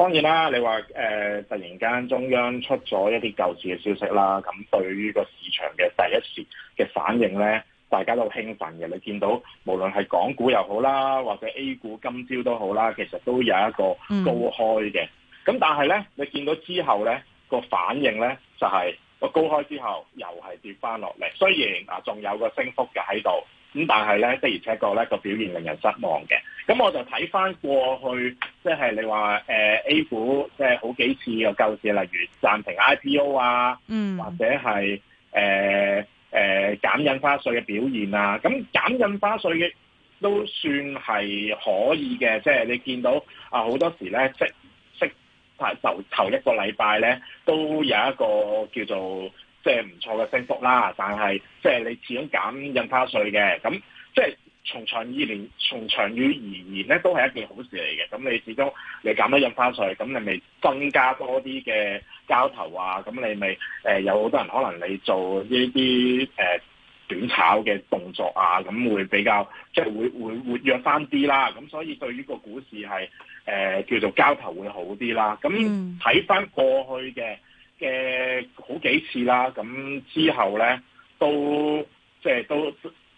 當然啦，你話誒、呃、突然間中央出咗一啲救市嘅消息啦，咁對於個市場嘅第一時嘅反應呢，大家都興奮嘅。你見到無論係港股又好啦，或者 A 股今朝都好啦，其實都有一個高開嘅。咁、嗯、但係呢，你見到之後呢，個反應呢，就係、是、個高開之後又係跌翻落嚟。雖然啊，仲有個升幅嘅喺度，咁但係呢，的而且確呢個表現令人失望嘅。咁我就睇翻過去。即係你話 A 股，即、呃、係好幾次嘅救市，例如暫停 IPO 啊，嗯、mm.，或者係、呃呃、減印花稅嘅表現啊，咁減印花稅嘅都算係可以嘅，即、就、係、是、你見到啊好、呃、多時咧，即係即係頭頭一個禮拜咧，都有一個叫做即係唔錯嘅升幅啦，但係即係你始終減印花稅嘅，咁即係。就是從長,年從長而言，從長遠而言咧，都係一件好事嚟嘅。咁你始終你減得印花稅，咁你咪增加多啲嘅交投啊。咁你咪誒、呃、有好多人可能你做呢啲誒短炒嘅動作啊，咁會比較即係、就是、會會會活躍翻啲啦。咁所以對於個股市係誒、呃、叫做交投會好啲啦。咁睇翻過去嘅嘅好幾次啦，咁之後咧都即係都。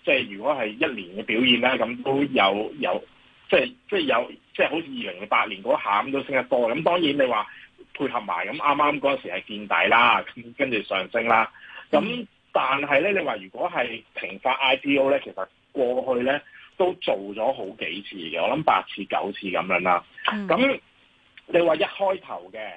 即係如果係一年嘅表現啦，咁都有有，即係即係有即係好似二零零八年嗰下咁都升得多。咁當然你話配合埋咁啱啱嗰陣時係見底啦，跟住上升啦。咁但係咧，你話如果係停發 IPO 咧，其實過去咧都做咗好幾次嘅，我諗八次九次咁樣啦。咁你話一開頭嘅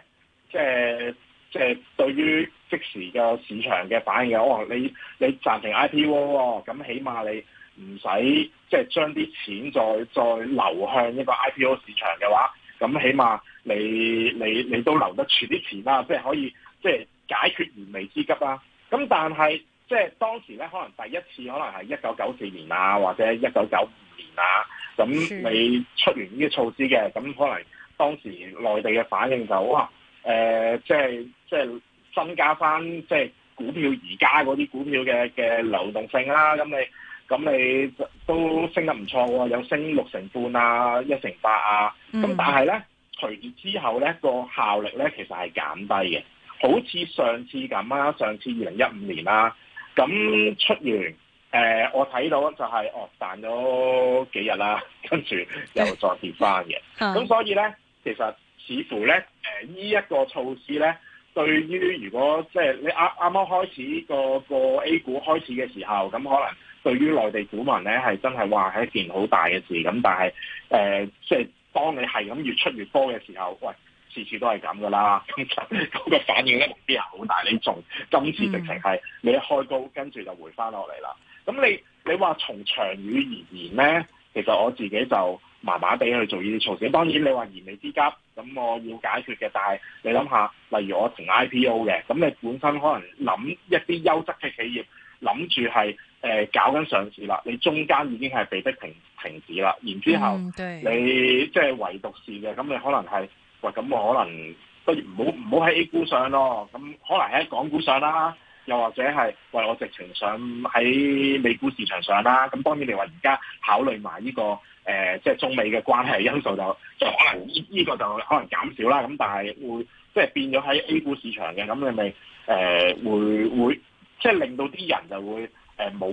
即係。就是即係對於即時嘅市場嘅反應嘅，哇！你你暫停 IPO 咁，起碼你唔使即係將啲錢再再流向呢個 IPO 市場嘅話，咁起碼你你你都留得住啲錢啦，即係可以即係解決燃眉之急啦。咁但係即係當時咧，可能第一次可能係一九九四年啊，或者一九九五年啊，咁你出完呢啲措施嘅，咁可能當時內地嘅反應就好誒、呃，即係即係增加翻，即、就、係、是、股票而家嗰啲股票嘅嘅流動性啦、啊。咁你咁你都升得唔錯喎、啊，有升六成半啊，一成八啊。咁但係咧，除、mm. 完之後咧，個效力咧其實係減低嘅。好似上次咁啊，上次二零一五年啦、啊，咁出完誒、呃，我睇到就係、是、哦彈咗幾日啦、啊，跟住又再跌翻嘅。咁、mm. 所以咧，其實。似乎咧，誒呢一個措施咧，對於如果即係你啱啱開始、嗰個、嗰個 A 股開始嘅時候，咁可能對於內地股民咧係真係話係一件好大嘅事。咁但係誒、呃，即係當你係咁越出越多嘅時候，喂，次次都係咁噶啦，咁 個反應呢，未必係好大。你仲今次直情係你一開高，跟住就回翻落嚟啦。咁你你話從長遠而言咧，其實我自己就麻麻地去做呢啲措施。當然你話燃眉之急。咁我要解決嘅，但係你諗下，例如我停 IPO 嘅，咁你本身可能諗一啲優質嘅企業，諗住係誒搞緊上市啦，你中間已經係被逼停停止啦，然之後你、嗯、即係唯獨市嘅，咁你可能係喂，咁我可能都不如唔好唔好喺 A 股上咯，咁可能喺港股上啦，又或者係喂，我直情上喺美股市場上啦，咁當然你話而家考慮埋呢、呢個。誒、呃，即係中美嘅關係因素就，即係可能呢依個就可能減少啦。咁但係會即係變咗喺 A 股市場嘅，咁你咪誒、呃、會會，即係令到啲人就會誒冇、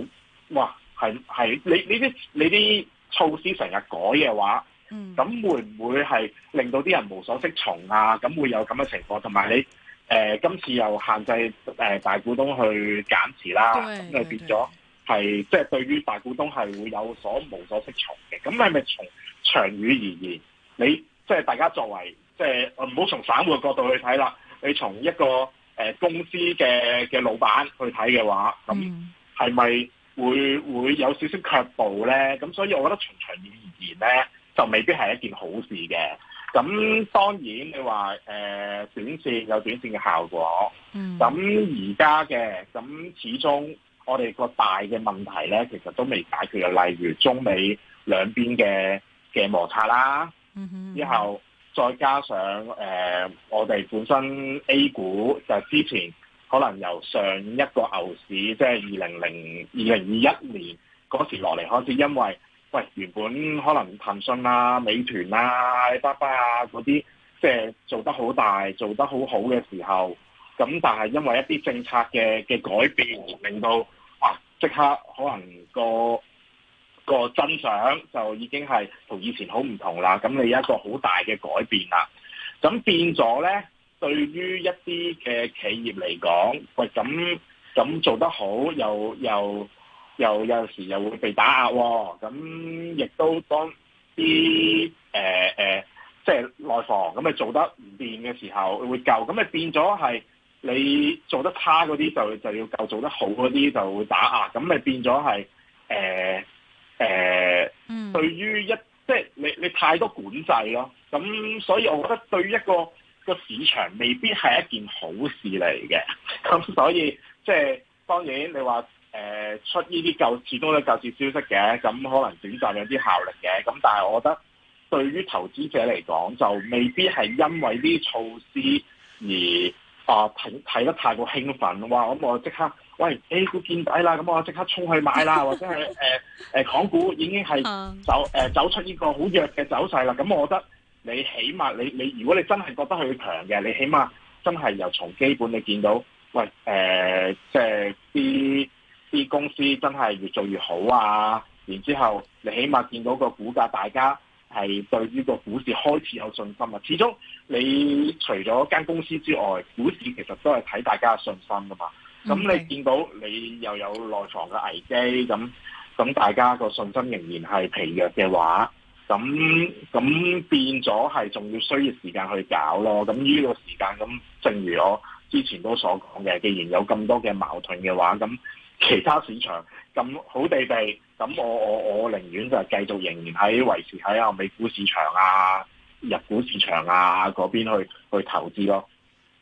呃、哇，係係你你啲你啲措施成日改嘅話，嗯，咁會唔會係令到啲人無所適從啊？咁會有咁嘅情況，同埋你誒、呃、今次又限制誒大股東去減持啦，咁就變咗。係即係對於大股東係會有所無所適從嘅，咁係咪從長遠而言，你即係、就是、大家作為即係唔好從散戶角度去睇啦，你從一個誒、呃、公司嘅嘅老闆去睇嘅話，咁係咪會會有少少卻步咧？咁所以我覺得從長遠而言咧，就未必係一件好事嘅。咁當然你話誒、呃、短線有短線嘅效果，咁而家嘅咁始終。我哋個大嘅問題呢，其實都未解決，例如中美兩邊嘅嘅摩擦啦，之、嗯嗯、後再加上誒、呃，我哋本身 A 股就之前可能由上一個牛市，即係二零零二零二一年嗰時落嚟，開始因為喂，原本可能騰訊啊、美團啊、阿里巴巴嗰、啊、啲，即、就、係、是、做得好大、做得好好嘅時候。咁但係因為一啲政策嘅嘅改變，令到啊即刻可能個個真相就已經係同以前好唔同啦。咁你有一個好大嘅改變啦。咁變咗咧，對於一啲嘅企業嚟講，喂咁咁做得好又又又有時又會被打壓、哦。咁亦都當啲誒誒，即係內房咁咪做得唔掂嘅時候會夠。咁咪變咗係。你做得差嗰啲就就要救，做得好嗰啲就會打壓，咁咪變咗係誒誒，對於一即係、就是、你你太多管制咯，咁所以我覺得對於一個一個市場未必係一件好事嚟嘅。咁所以即係、就是、當然你話誒、呃、出呢啲救市，始終都救市消息嘅，咁可能短暫有啲效力嘅。咁但係我覺得對於投資者嚟講，就未必係因為呢啲措施而。啊，睇睇得太過興奮，哇！咁我即刻，喂，A 股、欸、見底啦，咁我即刻衝去買啦， 或者係誒誒，港、呃、股已經係走誒、呃、走出呢個好弱嘅走勢啦。咁我覺得你起碼你你、你，如果你真係覺得佢強嘅，你起碼真係由從基本你見到，喂，誒、呃，即係啲啲公司真係越做越好啊！然之後你起碼見到個股價大家。係對呢個股市開始有信心啊！始終你除咗間公司之外，股市其實都係睇大家嘅信心㗎嘛。咁你見到你又有內藏嘅危機，咁咁大家個信心仍然係疲弱嘅話，咁咁變咗係仲要需要時間去搞咯。咁呢個時間，咁正如我之前都所講嘅，既然有咁多嘅矛盾嘅話，咁其他市場咁好地地。咁我我我寧願就係繼續仍然喺維持喺啊美股市場啊、日股市場啊嗰邊去去投資咯。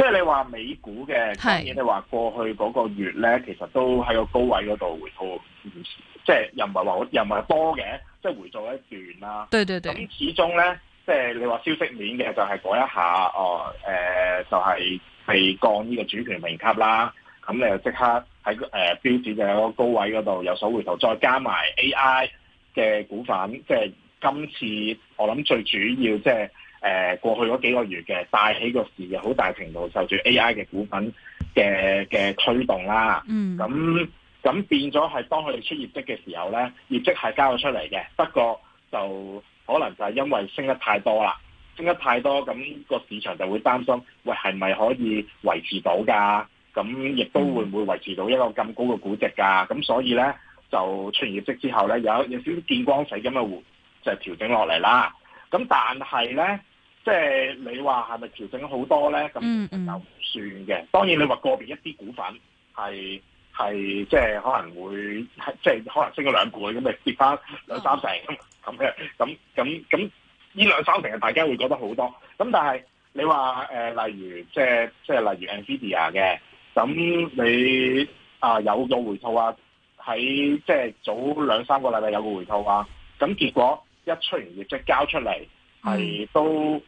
即係你話美股嘅，當然你話過去嗰個月咧，其實都喺個高位嗰度回吐，即係又唔係話又唔係多嘅，即係回做一段啦。對對對。咁始終咧，即係你話消息面嘅就係嗰一下哦，誒就係被降呢個主權評級啦。咁你又即刻喺誒標指嘅一個高位嗰度有所回頭，再加埋 AI 嘅股份。即係今次我諗最主要即係。誒過去嗰幾個月嘅大起個市，好大程度受住 A.I. 嘅股份嘅嘅推動啦。嗯。咁咁變咗係當佢哋出業績嘅時候咧，業績係交咗出嚟嘅，不過就可能就係因為升得太多啦，升得太多，咁、那個市場就會擔心，喂係咪可以維持到㗎？咁亦都會唔會維持到一個咁高嘅估值㗎？咁所以咧，就出完業績之後咧，有有少少見光死咁嘅就係調整落嚟啦。咁但係咧。即係你話係咪調整好多咧？咁就唔算嘅、嗯嗯。當然你話個別一啲股份係係即係可能會即係可能升咗兩倍，咁咪跌翻兩三成咁咁咁咁，呢兩三成大家會覺得好多。咁但係你話、呃、例如即係即係例如 Nvidia 嘅，咁你啊有有回吐啊？喺即係早兩三個禮拜有個回吐啊？咁結果一出完業績交出嚟係、嗯、都。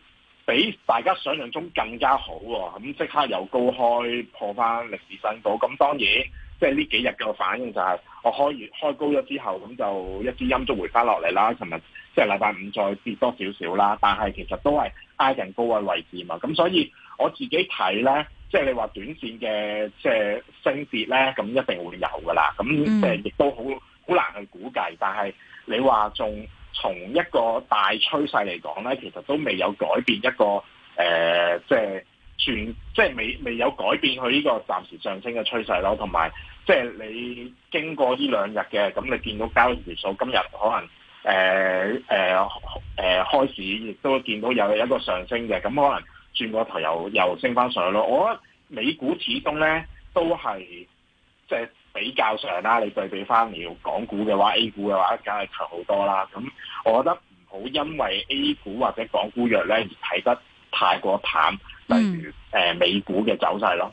比大家想象中更加好喎，哦，咁即刻又高開破翻歷史新高，咁當然即係呢幾日嘅反應就係，是，我開完開高咗之後，咁就一支音足回翻落嚟啦。尋日即係禮拜五再跌多少少啦，但係其實都係挨近高嘅位置嘛。咁所以我自己睇咧，即係你話短線嘅即係升跌咧，咁一定會有噶啦。咁即亦都好好難去估計，但係你話仲？從一個大趨勢嚟講咧，其實都未有改變一個誒、呃就是，即係轉，即係未未有改變佢呢個暫時上升嘅趨勢咯。同埋，即係你經過呢兩日嘅，咁你見到交易數今日可能誒誒誒開始，亦都見到有一個上升嘅，咁可能轉個頭又又升翻上咯。我覺得美股始終咧都係即係。比較上啦，你對比翻，你港股嘅話，A 股嘅話，梗係強好多啦。咁我覺得唔好因為 A 股或者港股弱咧而睇得太過淡，嗯、例如美股嘅走勢咯。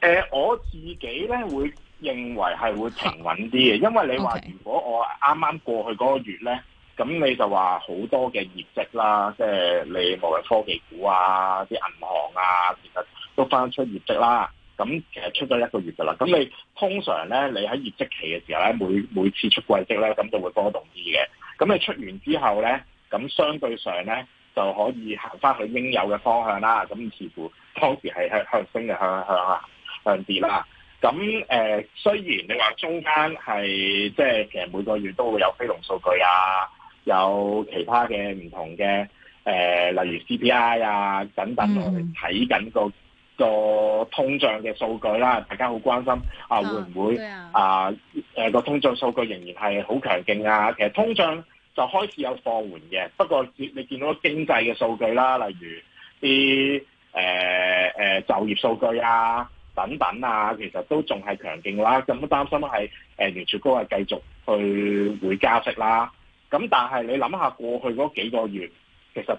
誒、呃，我自己咧會認為係會平穩啲嘅，因為你話、okay. 如果我啱啱過去嗰個月咧，咁你就話好多嘅業績啦，即係你無論科技股啊、啲銀行啊,其實都翻出業績啦。咁其實出咗一個月噶啦,咁你通常咧,你喺業績期嘅時候咧,每每次出季績咧,咁就會波動啲嘅。咁你出完之後咧,咁相對上咧就可以行翻去應有嘅方向啦。咁似乎當時係向向升向向啊上跌啦，咁、呃、誒雖然你話中間係即係其實每個月都會有非農數據啊，有其他嘅唔同嘅誒、呃，例如 CPI 啊，等等我看、那個，我哋睇緊個個通脹嘅數據啦、啊，大家好關心啊，會唔會啊誒個、啊啊、通脹數據仍然係好強勁啊？其實通脹就開始有放緩嘅，不過你見到經濟嘅數據啦、啊，例如啲誒誒就業數據啊。等等啊，其實都仲係強勁啦，咁都擔心係誒完全高係繼續去會加息啦。咁但係你諗下過去嗰幾個月，其實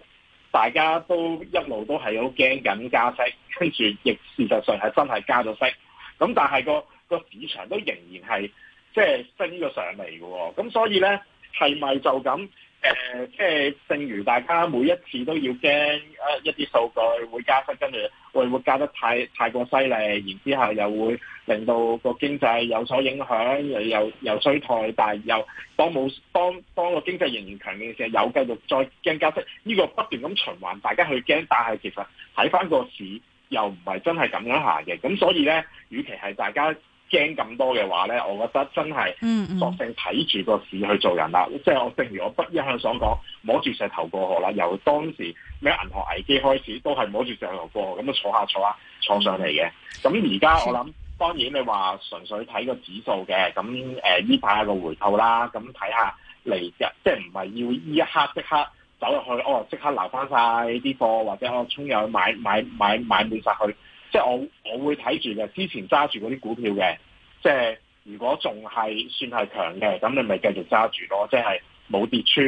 大家都一路都係好驚緊加息，跟住亦事實上係真係加咗息。咁但係個個市場都仍然係即係升咗上嚟嘅、哦，咁所以咧係咪就咁？誒、呃，即、就、係、是、正如大家每一次都要驚一一啲數據會加息，跟住會唔會加得太太過犀利，然後之後又會令到個經濟有所影響，又又又衰退，但係又當冇當當個經濟仍然強勁嘅時候，又繼續再驚加息，呢、這個不斷咁循環，大家去驚，但係其實睇翻個市又唔係真係咁樣行嘅，咁所以咧，與其係大家。驚咁多嘅話咧，我覺得真係索性睇住個市去做人啦。Mm-hmm. 即係我正如我不一向所講，摸住石頭過河啦。由當時咩銀行危機開始，都係摸住石頭過河咁就坐下坐下，坐下坐上嚟嘅。咁而家我諗，當然你話純粹睇個指數嘅，咁誒，依排個回購啦，咁睇下嚟日即係唔係要依一刻即刻走入去哦，即刻留翻晒啲貨，或者我衝入去買買買買滿晒去。即係我我會睇住嘅，之前揸住嗰啲股票嘅，即係如果仲係算係強嘅，咁你咪繼續揸住咯。即係冇跌穿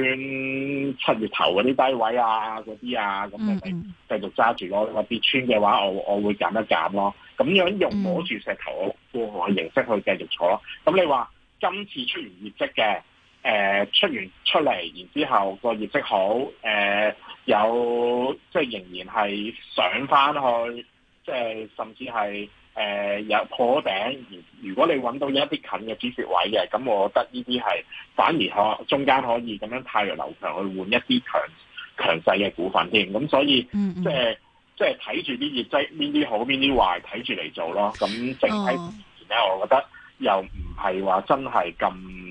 七月頭嗰啲低位啊，嗰啲啊，咁你咪繼續揸住咯。我跌穿嘅話，我我會減一減咯。咁樣用摸住石頭過河嘅形式去繼續坐咯。咁你話今次出完業績嘅，呃，出完出嚟，然之後個業績好，誒、呃、有即係仍然係上翻去。即係甚至係誒、呃、有破頂，如果你揾到有一啲近嘅止蝕位嘅，咁我覺得呢啲係反而可中間可以咁樣汰弱留強去換一啲強強勢嘅股份添。咁所以嗯嗯，即係即係睇住啲業績，邊啲好邊啲壞，睇住嚟做咯。咁整體目前咧，我覺得又唔係話真係咁。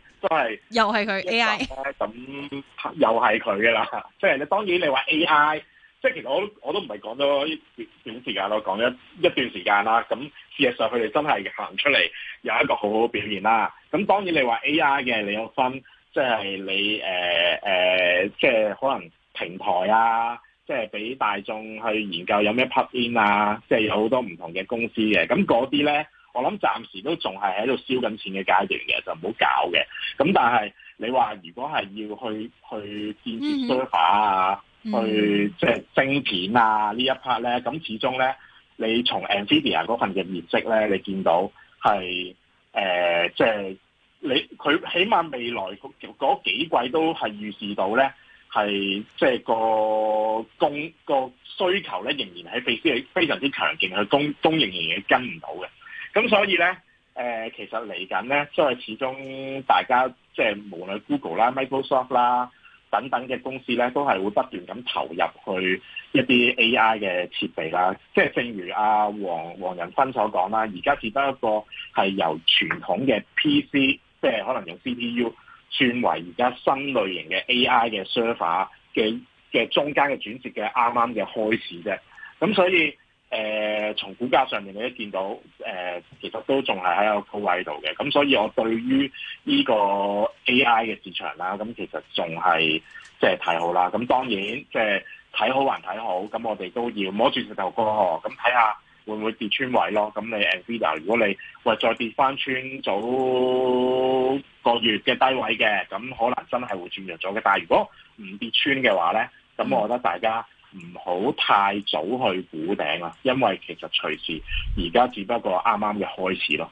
都係又係佢 A.I. 咁又係佢嘅啦。即係你當然你話 A.I.，即係其實我我都唔係講咗一段時間咯，講咗一段時間啦。咁事實上佢哋真係行出嚟有一個好好表現啦。咁當然你話 A.I. 嘅，你有分，即係你誒誒，即係可能平台啊，即係俾大眾去研究有咩 plug in 啊，即係有好多唔同嘅公司嘅。咁嗰啲咧。我諗暫時都仲係喺度燒緊錢嘅階段嘅，就唔好搞嘅。咁但係你話，如果係要去去建設 server 啊，mm-hmm. 去即係晶片啊一呢一 part 咧，咁始終呢，你從 Nvidia 嗰份嘅業績呢，你見到係誒，即係你佢起碼未來嗰幾季都係預示到呢，係即係個供個需求呢，仍然喺非常非常之強勁，佢供，供應仍然跟唔到嘅。咁所以咧、呃，其實嚟緊咧，即係始終大家即係無論 Google 啦、Microsoft 啦等等嘅公司咧，都係會不斷咁投入去一啲 AI 嘅設備啦。即係正如阿、啊、黃黃仁勳所講啦，而家只得一個係由傳統嘅 PC，即係可能用 CPU 轉為而家新類型嘅 AI 嘅 server 嘅嘅中間嘅轉折嘅啱啱嘅開始啫。咁所以。誒、呃，從股價上面你都見到，誒、呃，其實都仲係喺個高位度嘅，咁所以我對於呢個 AI 嘅市場啦、啊，咁其實仲係即係睇好啦。咁當然，即係睇好還睇好，咁我哋都要摸住石頭過河，咁睇下會唔會跌穿位咯。咁你 Nvidia，如果你喂再跌翻穿早個月嘅低位嘅，咁可能真係會轉弱咗嘅。但如果唔跌穿嘅話咧，咁我覺得大家，嗯好太早去估頂啦，因為其實隨時而家只不過啱啱嘅開始咯。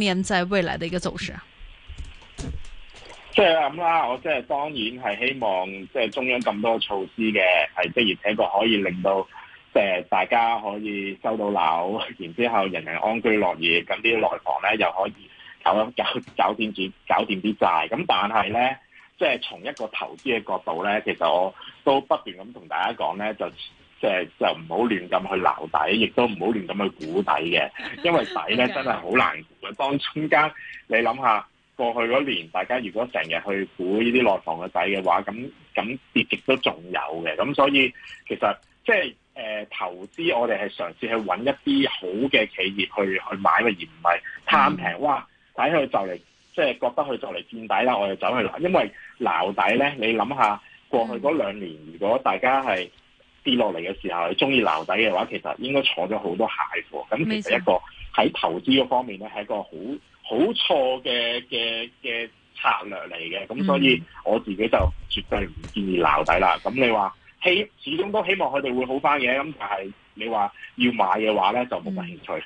在未來的一個走勢啊，即係咁啦，我即係當然係希望，即係中央咁多措施嘅，係即係而且確可以令到，即係大家可以收到樓，然之後人人安居樂業，咁啲內房咧又可以搞一搞，搞掂住，搞掂啲債。咁但係咧，即係從一個投資嘅角度咧，其實我都不斷咁同大家講咧就。就就唔好亂咁去撈底，亦都唔好亂咁去估底嘅，因為底咧、okay. 真係好難估嘅。當中間你諗下過去嗰年，大家如果成日去估呢啲內房嘅底嘅話，咁咁跌極都仲有嘅。咁所以其實即係誒投資，我哋係嘗試去揾一啲好嘅企業去去買嘅，而唔係貪平哇，睇佢就嚟即係覺得佢就嚟見底啦，我哋走去撈。因為撈底咧，你諗下過去嗰兩年、嗯，如果大家係跌落嚟嘅時候，你鍾意撈底嘅話，其實應該坐咗好多蟹貨。咁其實一個喺投資嗰方面咧，係一個好好錯嘅嘅嘅策略嚟嘅。咁所以我自己就絕對唔建議撈底啦。咁你話希始終都希望佢哋會好返嘅。咁但係你話要買嘅話咧，就冇乜興趣。